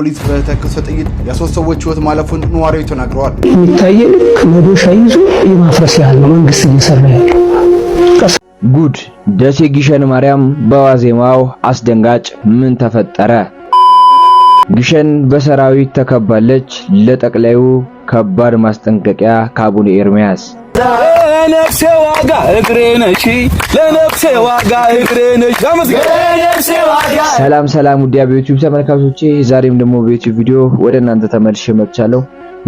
ፖሊስ በተኮሰ ጥይት የሶስት ሰዎች ህይወት ማለፉን ነዋሪው ተናግረዋል። የሚታየ ከመዶሻ ይዞ የማፍረስ ያህል ነው መንግስት እየሰራ ያለው። ጉድ! ደሴ ግሸን ማርያም በዋዜማው አስደንጋጭ ምን ተፈጠረ? ግሸን በሰራዊት ተከባለች። ለጠቅላዩ ከባድ ማስጠንቀቂያ ከአቡነ ኤርሚያስ ለነፍሴ ዋጋ እግሬ ነሽ፣ ለነፍሴ ዋጋ እግሬ ነሽ። ሰላም ሰላም፣ ውድ የዩቲዩብ ተመልካቾቼ፣ ዛሬም ደግሞ በዩቲዩብ ቪዲዮ ወደ እናንተ ተመልሼ መጥቻለሁ።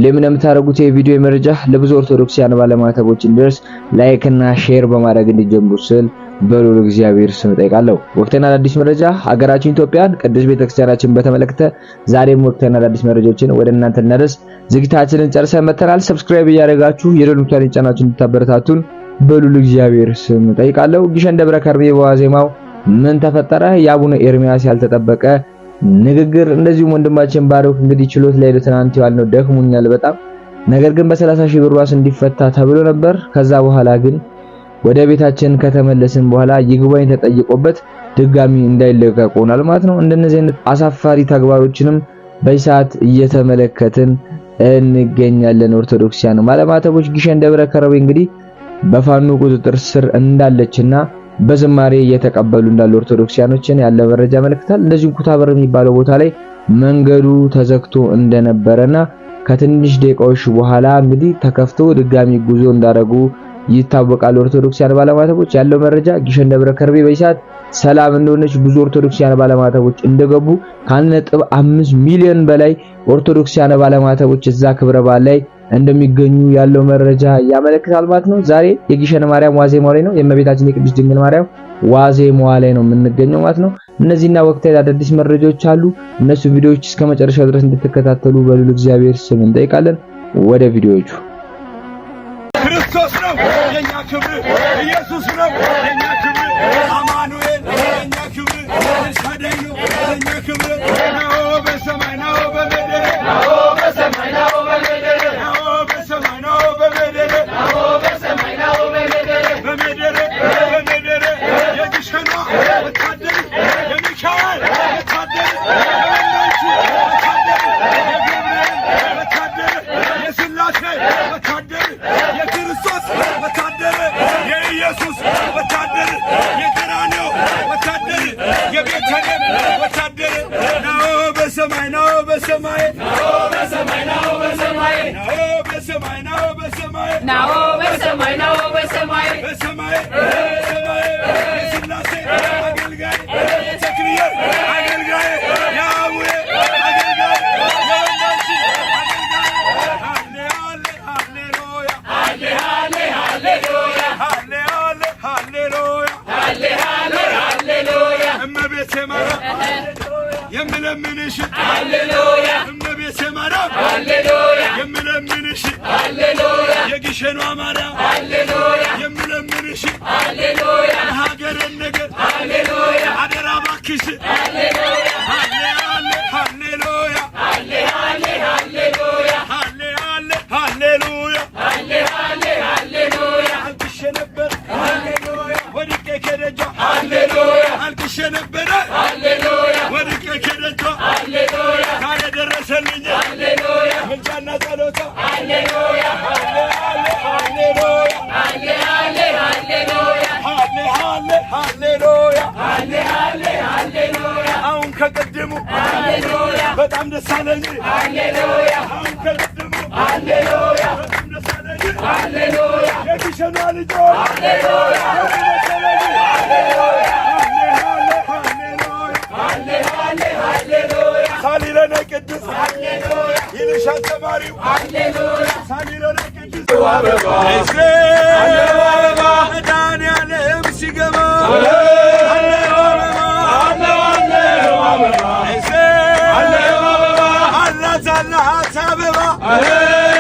ለምን የምታደርጉት የቪዲዮ መረጃ ለብዙ ኦርቶዶክሳውያን ባለማተቦች እንዲደርስ ላይክ እና ሼር በማድረግ እንዲጀምሩ ስል በሉል እግዚአብሔር ስም እጠይቃለሁ። ወቅታዊና አዳዲስ መረጃ ሀገራችን ኢትዮጵያን፣ ቅዱስ ቤተክርስቲያናችን በተመለከተ ዛሬም ወቅታዊና አዲስ መረጃዎችን ወደ እናንተ እናደርስ ዝግጅታችንን ጨርሰን መተናል። ሰብስክራይብ እያደረጋችሁ የደወል ምልክቱን ተጫናችሁ እንድታበረታቱን በልዑል እግዚአብሔር ስም እጠይቃለሁ። ግሸን ደብረ ከርቤ በዋዜማው ምን ተፈጠረ? የአቡነ ኤርሚያስ ያልተጠበቀ ንግግር። እንደዚሁም ወንድማችን ባሩክ እንግዲህ ችሎት ላይ ትናንት ነው ደክሞኛል በጣም ነገር ግን በ30 ሺህ ብር ዋስ እንዲፈታ ተብሎ ነበር። ከዛ በኋላ ግን ወደ ቤታችን ከተመለስን በኋላ ይግባኝ ተጠይቆበት ድጋሚ እንዳይለቀቁናል ማለት ነው። እንደነዚህ አይነት አሳፋሪ ተግባሮችንም በሰዓት እየተመለከትን እንገኛለን። ኦርቶዶክሲያን ማለማተቦች ግሸን ደብረ ከረቤ እንግዲህ በፋኑ ቁጥጥር ስር እንዳለችና በዝማሬ እየተቀበሉ እንዳሉ ኦርቶዶክሲያኖችን ያለ መረጃ ያመለክታል። እንደዚሁም ኩታበር የሚባለው ቦታ ላይ መንገዱ ተዘግቶ እንደነበረና ከትንሽ ደቂቃዎች በኋላ እንግዲህ ተከፍቶ ድጋሚ ጉዞ እንዳደረጉ ይታወቃል። ኦርቶዶክሲያን ባለማተቦች ያለው መረጃ ግሸን ደብረ ከርቤ በሰዓት ሰላም እንደሆነች ብዙ ኦርቶዶክሲያን ባለማተቦች እንደገቡ ከአንድ ነጥብ አምስት ሚሊዮን በላይ ኦርቶዶክሲያን ባለማተቦች እዛ ክብረ በዓል ላይ እንደሚገኙ ያለው መረጃ ያመለክታል ማለት ነው። ዛሬ የግሸን ማርያም ዋዜ ላይ ነው፣ የእመቤታችን የቅድስት ድንግል ማርያም ዋዜ ላይ ነው የምንገኘው ማለት ነው። እነዚህና ወቅታዊ አዳዲስ መረጃዎች አሉ። እነሱ ቪዲዮዎች እስከ መጨረሻው ድረስ እንድትከታተሉ በልዑል እግዚአብሔር ስም እንጠይቃለን። ወደ ቪዲዮዎቹ የምለምንሽ ሃሌሉያ እመቤቴ ማርያም ሃሌሉያ የምለምንሽ ሃሌሉያ የግሸኗ ማርያም ሃሌሉያ የምለምንሽ ሃሌሉያ የሀገሬን ነገር ሃሌሉያ አደራ እባክሽ በጣም ደስ አለኝ። ሃሌሉያ ሳሊለነ ቅዱስ ساعات سابقة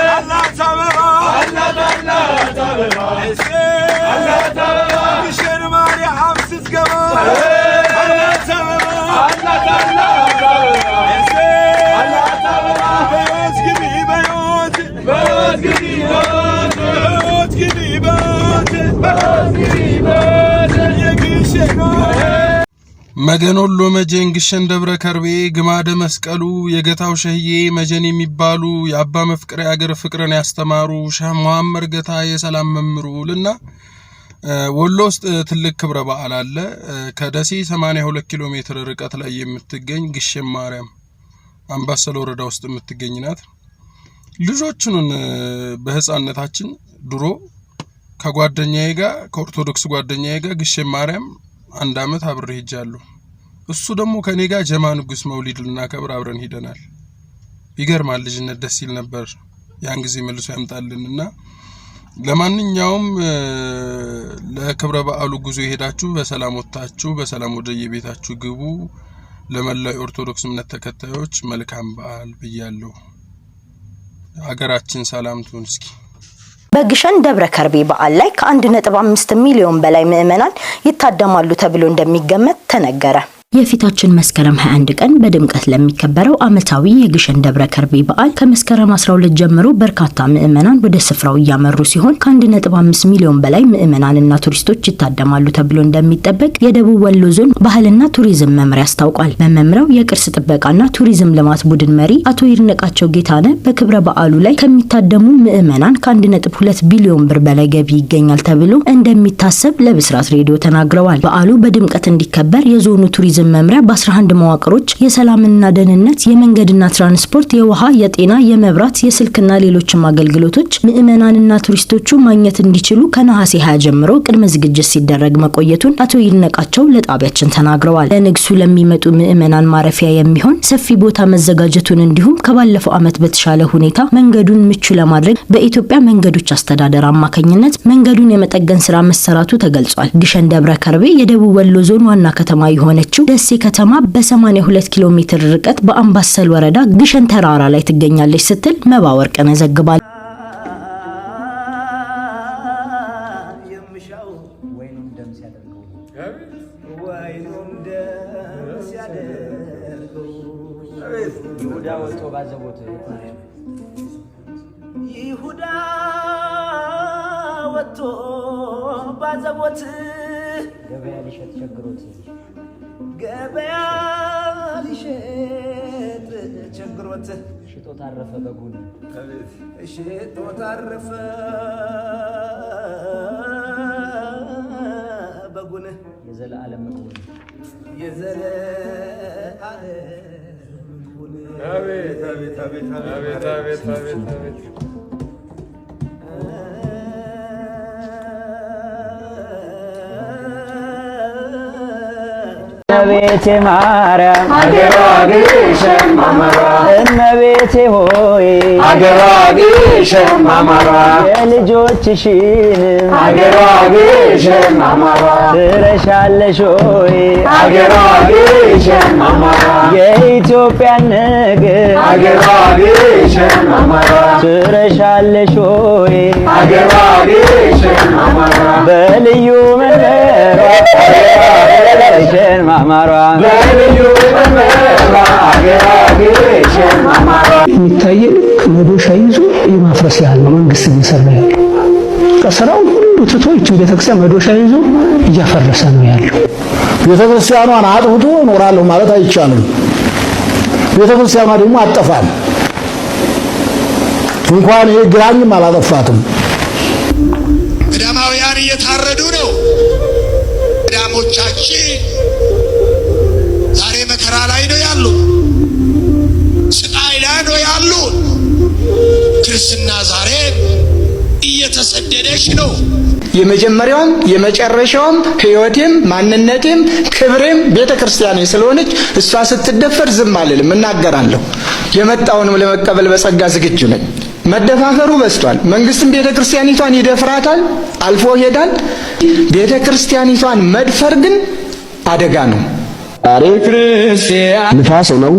መገኖሎ መጀን ግሸን ደብረ ከርቤ ግማደ መስቀሉ የገታው ሸህዬ መጀን የሚባሉ የአባ መፍቅሬ አገር ፍቅርን ያስተማሩ ሸህ መሐመድ ገታ የሰላም መምሩ ልና ወሎ ውስጥ ትልቅ ክብረ በዓል አለ። ከደሴ 82 ኪሎ ሜትር ርቀት ላይ የምትገኝ ግሸን ማርያም አምባሰል ወረዳ ውስጥ የምትገኝ ናት። ልጆቹን በህፃነታችን ድሮ ከጓደኛዬ ጋር ከኦርቶዶክስ ጓደኛዬ ጋር ግሸን ማርያም አንድ አመት አብሬ ሄጃለሁ። እሱ ደግሞ ከእኔ ጋር ጀማ ንጉስ መውሊድ ልናከብር አብረን ሂደናል። ይገርማል። ልጅነት ደስ ይል ነበር። ያን ጊዜ መልሶ ያምጣልን እና ለማንኛውም ለክብረ በዓሉ ጉዞ የሄዳችሁ በሰላም ወጥታችሁ በሰላም ወደ የቤታችሁ ግቡ። ለመላው የኦርቶዶክስ እምነት ተከታዮች መልካም በዓል ብያለሁ። አገራችን ሰላም ትሁን። እስኪ በግሸን ደብረ ከርቤ በዓል ላይ ከ1.5 ሚሊዮን በላይ ምዕመናን ይታደማሉ ተብሎ እንደሚገመት ተነገረ። የፊታችን መስከረም 21 ቀን በድምቀት ለሚከበረው ዓመታዊ የግሸን ደብረ ከርቤ በዓል ከመስከረም 12 ጀምሮ በርካታ ምዕመናን ወደ ስፍራው እያመሩ ሲሆን ከ1.5 ሚሊዮን በላይ ምዕመናንና ቱሪስቶች ይታደማሉ ተብሎ እንደሚጠበቅ የደቡብ ወሎ ዞን ባህልና ቱሪዝም መምሪያ አስታውቋል። በመምሪያው የቅርስ ጥበቃና ቱሪዝም ልማት ቡድን መሪ አቶ ይርነቃቸው ጌታነ በክብረ በዓሉ ላይ ከሚታደሙ ምዕመናን ከ1.2 ቢሊዮን ብር በላይ ገቢ ይገኛል ተብሎ እንደሚታሰብ ለብስራት ሬዲዮ ተናግረዋል። በዓሉ በድምቀት እንዲከበር የዞኑ ቱሪዝም ቱሪዝም መምሪያ በ11 መዋቅሮች የሰላምና ደህንነት፣ የመንገድና ትራንስፖርት፣ የውሃ፣ የጤና፣ የመብራት፣ የስልክና ሌሎችም አገልግሎቶች ምዕመናንና ቱሪስቶቹ ማግኘት እንዲችሉ ከነሐሴ 20 ጀምሮ ቅድመ ዝግጅት ሲደረግ መቆየቱን አቶ ይድነቃቸው ለጣቢያችን ተናግረዋል። ለንግሱ ለሚመጡ ምዕመናን ማረፊያ የሚሆን ሰፊ ቦታ መዘጋጀቱን እንዲሁም ከባለፈው ዓመት በተሻለ ሁኔታ መንገዱን ምቹ ለማድረግ በኢትዮጵያ መንገዶች አስተዳደር አማካኝነት መንገዱን የመጠገን ስራ መሰራቱ ተገልጿል። ግሸን ደብረ ከርቤ የደቡብ ወሎ ዞን ዋና ከተማ የሆነችው ደሴ ከተማ በ82 ኪሎ ሜትር ርቀት በአምባሰል ወረዳ ግሸን ተራራ ላይ ትገኛለች ስትል መባ ወርቅነህ ዘግባል። ይሁዳ ወጥቶ ባዘቦት ገበያ ሊሸጥ ቸግሮት ገበያ ሊሸጥ ቸግሮት ሽጦ ታረፈ። በጉን ሽጦ ታረፈ። በጉን የዘለዓለም ምግቡን የዘለዓለም ምግቡን વેચે મારા እህቴ ሆይ አገራግሽም አማራ የልጆችሽን አገራግሽም አማራ ትረሻለሽ ሆይ አገራግሽም አማራ የኢትዮጵያን ነገር አገራግሽም አማራ ትረሻለሽ ሆይ አገራግሽም አማራ በልዩ መንበሯ አገራግሽም አማራ በልዩ መንበሯ አገራግሽም የሚታየ ልክ መዶሻ ይዞ የማፍረስ ያህል ነው መንግስት እየሰራ ያለው። ከስራው ሁሉ ትቶ ይችን ቤተክርስቲያን መዶሻ ይዞ እያፈረሰ ነው ያለው። ቤተክርስቲያኗን አጥፍቶ እኖራለሁ ማለት አይቻልም። ቤተክርስቲያኗ ደግሞ አጠፋል እንኳን ይሄ ግራኝም አላጠፋትም። ገዳማውያን እየታረዱ ነው ገዳሞቻችን ክርስትና ዛሬ እየተሰደደች ነው። የመጀመሪያውም የመጨረሻውም ህይወቴም ማንነቴም ክብሬም ቤተ ክርስቲያኔ ስለሆነች እሷ ስትደፈር ዝም አልልም፣ እናገራለሁ። የመጣውንም ለመቀበል በጸጋ ዝግጁ ነኝ። መደፋፈሩ በስቷል። መንግስትም ቤተ ክርስቲያኒቷን ይደፍራታል፣ አልፎ ይሄዳል። ቤተ ክርስቲያኒቷን መድፈር ግን አደጋ ነው። ንፋስ ነው።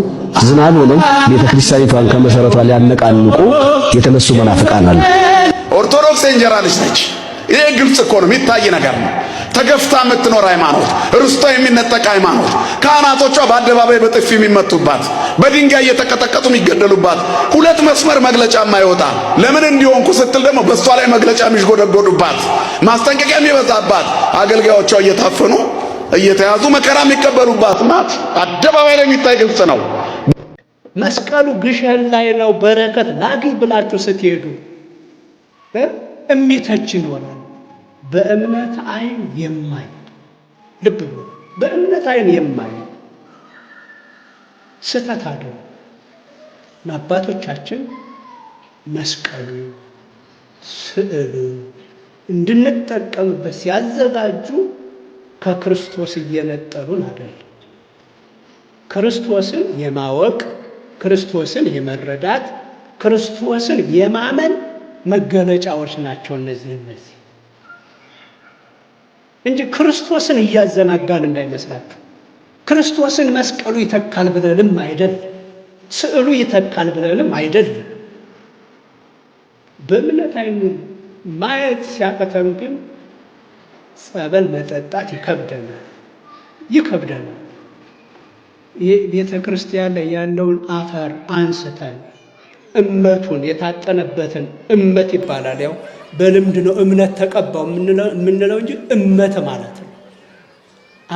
ዝናብ ሆነው ቤተ ክርስቲያኒቷን ከመሰረቷ ሊያነቃንቁ የተነሱ መናፍቃን አሉ። ኦርቶዶክስ የእንጀራ ልጅ ነች። ይሄ ግልጽ እኮ ነው፣ የሚታይ ነገር ነው። ተገፍታ የምትኖር ሃይማኖት፣ ርስቷ የሚነጠቅ ሃይማኖት፣ ካህናቶቿ በአደባባይ በጥፊ የሚመቱባት፣ በድንጋይ እየተቀጠቀጡ የሚገደሉባት፣ ሁለት መስመር መግለጫ ማይወጣ ለምን እንዲሆንኩ ስትል ደግሞ በእሷ ላይ መግለጫ የሚሽጎደጎዱባት፣ ማስጠንቀቂያ የሚበዛባት፣ አገልጋዮቿ እየታፈኑ እየተያዙ መከራ የሚቀበሉባት ናት። አደባባይ ላይ የሚታይ ግልጽ ነው። መስቀሉ ግሸን ላይ ነው። በረከት ላግኝ ብላችሁ ስትሄዱ እሚተች ይኖራል። በእምነት አይን የማይ ልብ ብሎ በእምነት አይን የማይ ስህተት አለው። አባቶቻችን መስቀሉ ስዕሉ እንድንጠቀምበት ሲያዘጋጁ ከክርስቶስ እየነጠሉን አይደል? ክርስቶስን የማወቅ ክርስቶስን የመረዳት ክርስቶስን የማመን መገለጫዎች ናቸው። እነዚህ እነዚህ እንጂ ክርስቶስን እያዘናጋን እንዳይመስላችሁ። ክርስቶስን መስቀሉ ይተካል ብለንም አይደል፣ ስዕሉ ይተካል ብለንም አይደል። በእምነት አይኑ ማየት ሲያቅተን ግን ጸበል መጠጣት ይከብደናል ይከብደናል። ቤተ ክርስቲያን ላይ ያለውን አፈር አንስተን እመቱን የታጠነበትን እመት ይባላል። ያው በልምድ ነው እምነት ተቀባው የምንለው እንጂ እመት ማለት ነው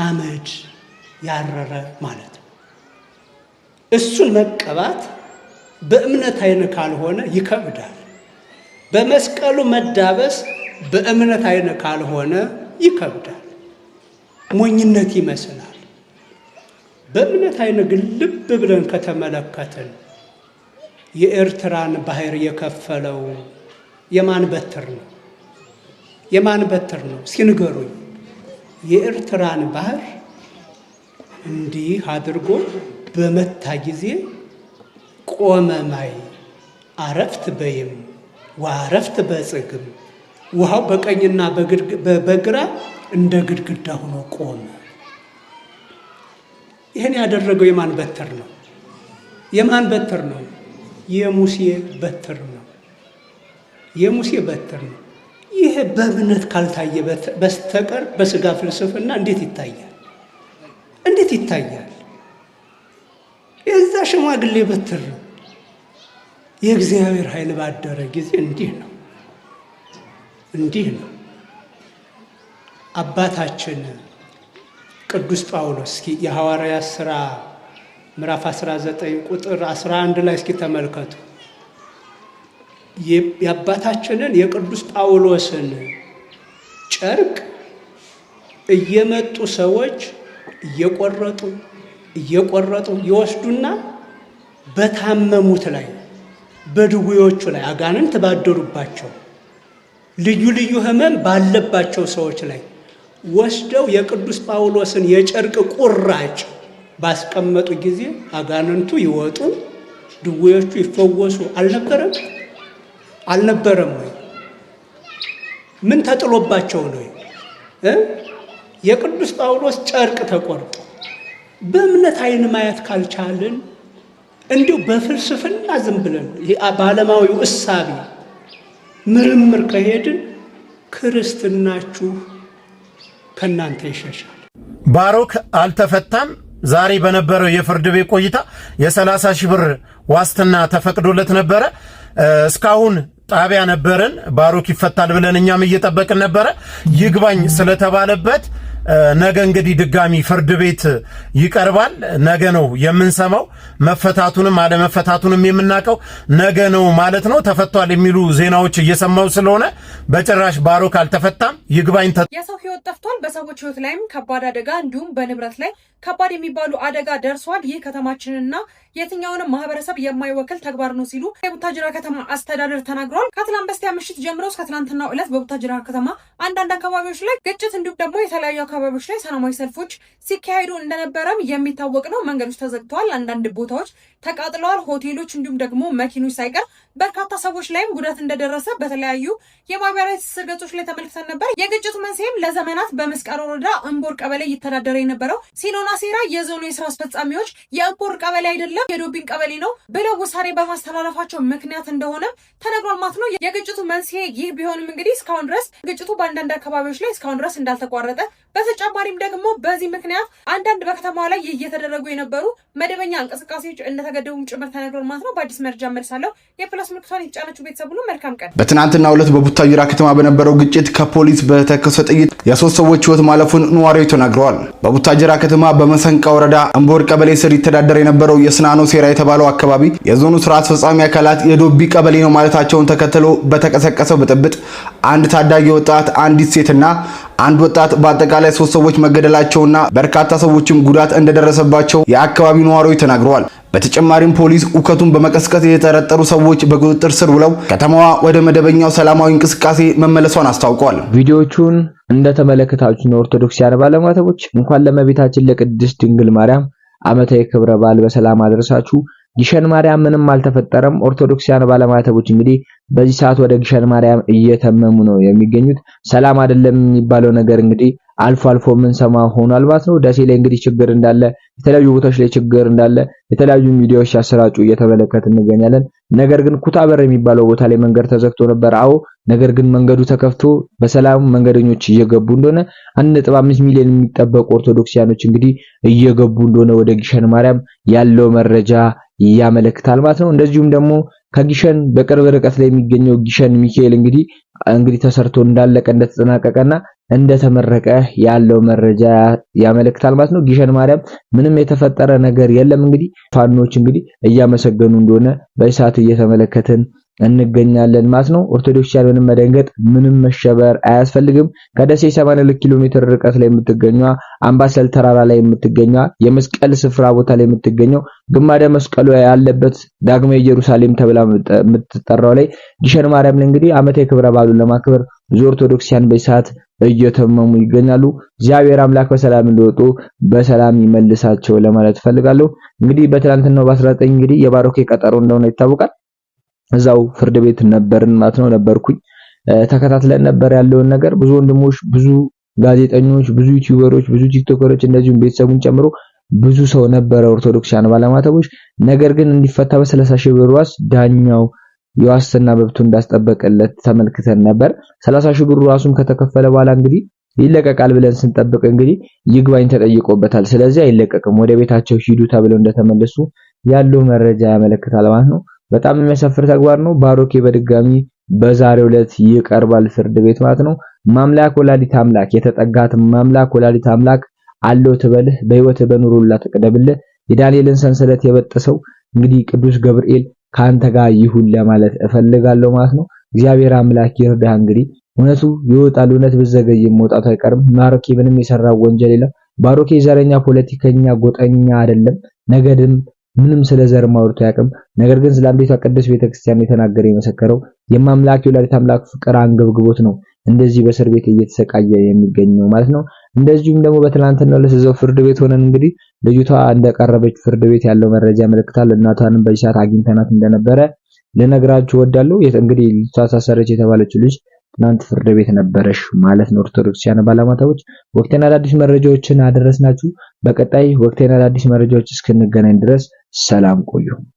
አመድ ያረረ ማለት ነው። እሱን መቀባት በእምነት አይን ካልሆነ ይከብዳል። በመስቀሉ መዳበስ በእምነት አይን ካልሆነ ይከብዳል። ሞኝነት ይመስላል። በእምነት አይነ ግልብ ብለን ከተመለከትን የኤርትራን ባህር የከፈለው የማን በትር ነው? የማን በትር ነው? እስኪ ንገሩኝ። የኤርትራን ባህር እንዲህ አድርጎ በመታ ጊዜ ቆመ ማይ አረፍት በይም ወአረፍት በጽግም ውሃው በቀኝና በግራ እንደ ግድግዳ ሆኖ ቆመ። ይህን ያደረገው የማን በትር ነው? የማን በትር ነው? የሙሴ በትር ነው። የሙሴ በትር ነው። ይህ በእምነት ካልታየ በስተቀር በስጋ ፍልስፍና እንዴት ይታያል? እንዴት ይታያል? የዛ ሽማግሌ በትር ነው። የእግዚአብሔር ኃይል ባደረ ጊዜ እንዲህ ነው፣ እንዲህ ነው አባታችን ቅዱስ ጳውሎስ እስኪ የሐዋርያ ሥራ ምዕራፍ 19 ቁጥር 11 ላይ እስኪ ተመልከቱ። የአባታችንን የቅዱስ ጳውሎስን ጨርቅ እየመጡ ሰዎች እየቆረጡ እየቆረጡ ይወስዱና በታመሙት ላይ በድዌዎቹ ላይ አጋንንት ባደሩባቸው ልዩ ልዩ ሕመም ባለባቸው ሰዎች ላይ ወስደው የቅዱስ ጳውሎስን የጨርቅ ቁራጭ ባስቀመጡ ጊዜ አጋንንቱ ይወጡ፣ ድዌዎቹ ይፈወሱ አልነበረም? አልነበረም ወይ? ምን ተጥሎባቸው ነው? የቅዱስ ጳውሎስ ጨርቅ ተቆርጦ በእምነት አይን ማየት ካልቻልን እንዲሁ በፍልስፍና ዝም ብለን በዓለማዊው እሳቤ ምርምር ከሄድን ክርስትናችሁ ከእናንተ ይሸሻል። ባሮክ አልተፈታም። ዛሬ በነበረው የፍርድ ቤት ቆይታ የሰላሳ ሺህ ብር ዋስትና ተፈቅዶለት ነበረ። እስካሁን ጣቢያ ነበርን። ባሮክ ይፈታል ብለን እኛም እየጠበቅን ነበረ። ይግባኝ ስለተባለበት ነገ እንግዲህ ድጋሚ ፍርድ ቤት ይቀርባል። ነገ ነው የምንሰማው፣ መፈታቱንም አለመፈታቱንም የምናውቀው ነገ ነው ማለት ነው። ተፈቷል የሚሉ ዜናዎች እየሰማው ስለሆነ በጭራሽ ባሮክ አልተፈታም። ይግባኝ የሰው ህይወት ጠፍቷል። በሰዎች ህይወት ላይም ከባድ አደጋ እንዲሁም በንብረት ላይ ከባድ የሚባሉ አደጋ ደርሷል። ይህ ከተማችንና የትኛውንም ማህበረሰብ የማይወክል ተግባር ነው ሲሉ የቡታጅራ ከተማ አስተዳደር ተናግረዋል። ከትላንት በስቲያ ምሽት ጀምሮ እስከ ትላንትናው ዕለት በቡታጅራ ከተማ አንዳንድ አካባቢዎች ላይ ግጭት እንዲሁም ደግሞ የተለያዩ አካባቢዎች ላይ ሰላማዊ ሰልፎች ሲካሄዱ እንደነበረም የሚታወቅ ነው። መንገዶች ተዘግተዋል። አንዳንድ ቦታዎች ተቃጥለዋል። ሆቴሎች እንዲሁም ደግሞ መኪኖች ሳይቀር በርካታ ሰዎች ላይም ጉዳት እንደደረሰ በተለያዩ የማህበራዊ ትስስር ገጾች ላይ ተመልክተን ነበር። የግጭቱ መንስኤም ለዘመናት በመስቀል ወረዳ እምቦር ቀበሌ እየተዳደረ የነበረው ሲኖና ሴራ የዞኑ የስራ አስፈጻሚዎች የእምቦር ቀበሌ አይደለም የዶቢን ቀበሌ ነው ብለው ውሳኔ በማስተላለፋቸው ምክንያት እንደሆነ ተነግሯል ማለት ነው። የግጭቱ መንስኤ ይህ ቢሆንም እንግዲህ እስካሁን ድረስ ግጭቱ በአንዳንድ አካባቢዎች ላይ እስካሁን ድረስ እንዳልተቋረጠ በተጨማሪም ደግሞ በዚህ ምክንያት አንዳንድ በከተማዋ ላይ እየተደረጉ የነበሩ መደበኛ እንቅስቃሴዎች እንደተገደቡም ጭምር ተነግሯል ማለት ነው። በአዲስ መረጃ መልሳለሁ። የፕላስ ምልክቷን የተጫነችው ቤተሰብ ሁሉ መልካም ቀን። በትናንትናው ዕለት በቡታጅራ ከተማ በነበረው ግጭት ከፖሊስ በተከሰ ጥይት የሶስት ሰዎች ህይወት ማለፉን ነዋሪዎች ተናግረዋል። በቡታጅራ ከተማ በመሰንቃ ወረዳ እምቦር ቀበሌ ስር ይተዳደር የነበረው የስናኖ ሴራ የተባለው አካባቢ የዞኑ ስራ አስፈጻሚ አካላት የዶቢ ቀበሌ ነው ማለታቸውን ተከትሎ በተቀሰቀሰው ብጥብጥ አንድ ታዳጊ ወጣት፣ አንዲት ሴትና አንድ ወጣት በአጠቃላይ ሶስት ሰዎች መገደላቸውና በርካታ ሰዎችም ጉዳት እንደደረሰባቸው የአካባቢው ነዋሪዎች ተናግረዋል። በተጨማሪም ፖሊስ ሁከቱን በመቀስቀስ የተጠረጠሩ ሰዎች በቁጥጥር ስር ውለው ከተማዋ ወደ መደበኛው ሰላማዊ እንቅስቃሴ መመለሷን አስታውቋል። ቪዲዮቹን እንደተመለከታችሁን ኦርቶዶክሳውያን ባለማተቦች እንኳን ለመቤታችን ለቅድስት ድንግል ማርያም ዓመታዊ ክብረ በዓል በሰላም አደረሳችሁ። ግሸን ማርያም ምንም አልተፈጠረም። ኦርቶዶክሳውያን ባለማተቦች እንግዲህ በዚህ ሰዓት ወደ ግሸን ማርያም እየተመሙ ነው የሚገኙት። ሰላም አይደለም የሚባለው ነገር እንግዲህ አልፎ አልፎ የምንሰማ ሆኗል ማለት ነው። ደሴ ላይ እንግዲህ ችግር እንዳለ፣ የተለያዩ ቦታዎች ላይ ችግር እንዳለ የተለያዩ ሚዲያዎች ሲያሰራጩ እየተመለከት እንገኛለን። ነገር ግን ኩታበር የሚባለው ቦታ ላይ መንገድ ተዘግቶ ነበር። አዎ፣ ነገር ግን መንገዱ ተከፍቶ በሰላም መንገደኞች እየገቡ እንደሆነ 1.5 ሚሊዮን የሚጠበቁ ኦርቶዶክሲያኖች እንግዲህ እየገቡ እንደሆነ ወደ ግሸን ማርያም ያለው መረጃ ያመለክታል ማለት ነው። እንደዚሁም ደግሞ ከጊሸን በቅርብ ርቀት ላይ የሚገኘው ጊሸን ሚካኤል እንግዲህ እንግዲህ ተሰርቶ እንዳለቀ እንደተጠናቀቀና እንደተመረቀ ያለው መረጃ ያመለክታል ማለት ነው። ጊሸን ማርያም ምንም የተፈጠረ ነገር የለም። እንግዲህ ፋኖች እንግዲህ እያመሰገኑ እንደሆነ በእሳት እየተመለከትን እንገኛለን ማለት ነው። ኦርቶዶክስ ምንም መደንገጥ፣ ምንም መሸበር አያስፈልግም። ከደሴ 82 ኪሎ ሜትር ርቀት ላይ የምትገኘ አምባሰል ተራራ ላይ የምትገኘ የመስቀል ስፍራ ቦታ ላይ የምትገኘው ግማደ መስቀሉ ያለበት ዳግመ ኢየሩሳሌም ተብላ የምትጠራው ላይ ግሸን ማርያም ላይ እንግዲህ ክብረ በዓሉን ለማክበር ብዙ ኦርቶዶክሳውያን በሰዓት እየተመሙ ይገኛሉ። እግዚአብሔር አምላክ በሰላም እንዲወጡ በሰላም ይመልሳቸው ለማለት ፈልጋለሁ። እንግዲህ በትናንትናው በ19 እንግዲህ የባሮኬ ቀጠሮ እንደሆነ ይታወቃል። እዛው ፍርድ ቤት ነበርን ማለት ነው። ነበርኩኝ ተከታትለን ነበር ያለውን ነገር ብዙ ወንድሞች፣ ብዙ ጋዜጠኞች፣ ብዙ ዩቲዩበሮች፣ ብዙ ቲክቶከሮች እንደዚሁም ቤተሰቡን ጨምሮ ብዙ ሰው ነበረ ኦርቶዶክሳን ባለማተቦች። ነገር ግን እንዲፈታ በሰላሳ ሺህ ብር ዋስ ዳኛው የዋስትና መብቱ እንዳስጠበቀለት ተመልክተን ነበር። ሰላሳ ሺህ ብር ዋሱም ከተከፈለ በኋላ እንግዲህ ይለቀቃል ብለን ስንጠብቅ እንግዲህ ይግባኝ ተጠይቆበታል። ስለዚህ አይለቀቅም፣ ወደ ቤታቸው ሂዱ ተብለው እንደተመለሱ ያለው መረጃ ያመለክታል ማለት ነው። በጣም የሚያሳፍር ተግባር ነው። ባሮኬ በድጋሚ በዛሬው ዕለት ይቀርባል ፍርድ ቤት ማለት ነው። ማምላክ ወላዲት አምላክ የተጠጋት ማምላክ ወላዲት አምላክ አለው ትበልህ በህይወት በኑሩላ ተቀደብልህ የዳንኤልን ሰንሰለት የበጠሰው እንግዲህ ቅዱስ ገብርኤል ካንተ ጋር ይሁን ለማለት እፈልጋለሁ ማለት ነው። እግዚአብሔር አምላክ ይርዳህ። እንግዲህ እውነቱ ይወጣል። እውነት ብዘገይም መውጣቱ አይቀርም። ማሮኬ ምንም የሰራው ወንጀል የለም። ባሮኬ ዘረኛ፣ ፖለቲከኛ፣ ጎጠኛ አይደለም። ነገድም ምንም ስለ ዘር ማውርቶ ያቅም። ነገር ግን ስለ አንዲቷ ቅድስት ቤተክርስቲያን የተናገረ የመሰከረው የማምላክ የወላዲት አምላክ ፍቅር አንገብግቦት ነው እንደዚህ በእስር ቤት እየተሰቃየ የሚገኘው ማለት ነው። እንደዚሁም ደግሞ በትናንትናው ዕለት እዛው ፍርድ ቤት ሆነን እንግዲህ ልጅቷ እንደቀረበች ፍርድ ቤት ያለው መረጃ ያመለክታል። እናቷንም በዚህ ሰዓት አግኝተናት እንደነበረ ልነግራችሁ ወዳለሁ። እንግዲህ ልጅቷ ታሰረች የተባለችው ልጅ ትናንት ፍርድ ቤት ነበረሽ ማለት ነው። ኦርቶዶክሲያን ባለማታቦች ወቅቴና አዳዲስ መረጃዎችን አደረስናችሁ። በቀጣይ ወቅቴና አዳዲስ መረጃዎች እስክንገናኝ ድረስ salamu alaykum